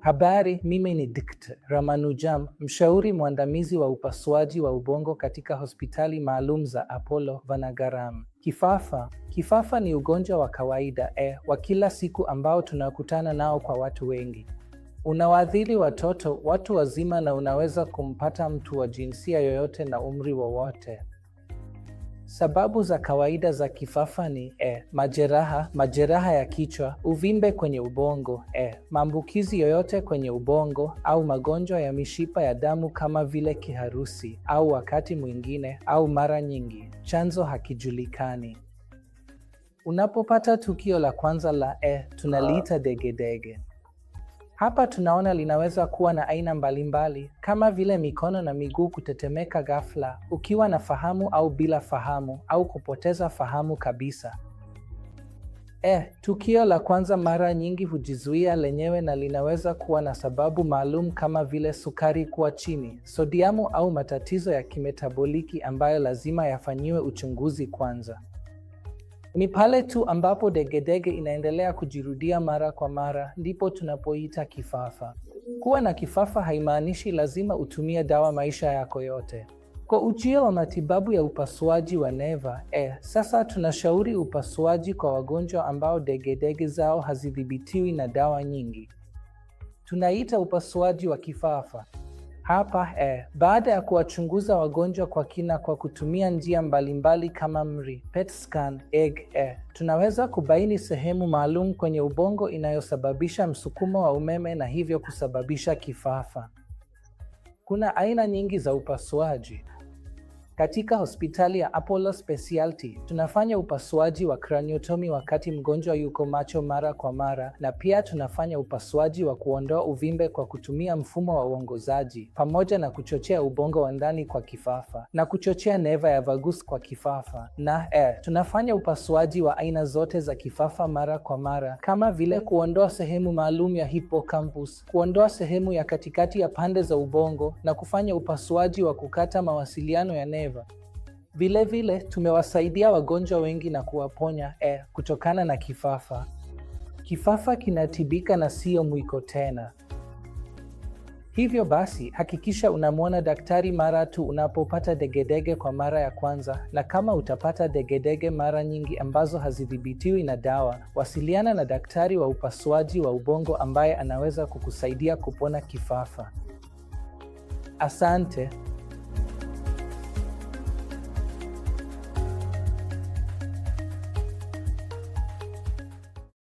Habari, mimi ni Dkt. Ramanujam, mshauri mwandamizi wa upasuaji wa ubongo katika hospitali maalum za Apollo Vanagaram. Kifafa. Kifafa ni ugonjwa wa kawaida eh, wa kila siku ambao tunakutana nao kwa watu wengi. Unawaathiri watoto, watu wazima na unaweza kumpata mtu wa jinsia yoyote na umri wowote. Sababu za kawaida za kifafa ni e, majeraha, majeraha ya kichwa, uvimbe kwenye ubongo e, maambukizi yoyote kwenye ubongo au magonjwa ya mishipa ya damu kama vile kiharusi au wakati mwingine au mara nyingi chanzo hakijulikani. Unapopata tukio la kwanza la e, tunaliita degedege. Hapa tunaona linaweza kuwa na aina mbalimbali kama vile mikono na miguu kutetemeka ghafla, ukiwa na fahamu au bila fahamu, au kupoteza fahamu kabisa. Eh, tukio la kwanza mara nyingi hujizuia lenyewe na linaweza kuwa na sababu maalum kama vile sukari kuwa chini, sodiamu au matatizo ya kimetaboliki ambayo lazima yafanyiwe uchunguzi kwanza. Ni pale tu ambapo degedege inaendelea kujirudia mara kwa mara ndipo tunapoita kifafa. Kuwa na kifafa haimaanishi lazima utumie dawa maisha yako yote. Kwa ujio wa matibabu ya upasuaji wa neva eh, sasa tunashauri upasuaji kwa wagonjwa ambao degedege zao hazidhibitiwi na dawa nyingi. Tunaita upasuaji wa kifafa. Hapa eh, baada ya kuwachunguza wagonjwa kwa kina kwa kutumia njia mbalimbali kama MRI, PET scan, egg, eh, tunaweza kubaini sehemu maalum kwenye ubongo inayosababisha msukumo wa umeme na hivyo kusababisha kifafa. Kuna aina nyingi za upasuaji. Katika hospitali ya Apollo Specialty tunafanya upasuaji wa craniotomy wakati mgonjwa yuko macho mara kwa mara, na pia tunafanya upasuaji wa kuondoa uvimbe kwa kutumia mfumo wa uongozaji pamoja na kuchochea ubongo wa ndani kwa kifafa na kuchochea neva ya vagus kwa kifafa, na eh, tunafanya upasuaji wa aina zote za kifafa mara kwa mara kama vile kuondoa sehemu maalum ya hippocampus, kuondoa sehemu ya katikati ya pande za ubongo na kufanya upasuaji wa kukata mawasiliano ya neva. Geneva. Vilevile tumewasaidia wagonjwa wengi na kuwaponya eh, kutokana na kifafa. Kifafa kinatibika na siyo mwiko tena. Hivyo basi hakikisha unamwona daktari mara tu unapopata degedege kwa mara ya kwanza, na kama utapata degedege mara nyingi ambazo hazidhibitiwi na dawa, wasiliana na daktari wa upasuaji wa ubongo ambaye anaweza kukusaidia kupona kifafa. Asante.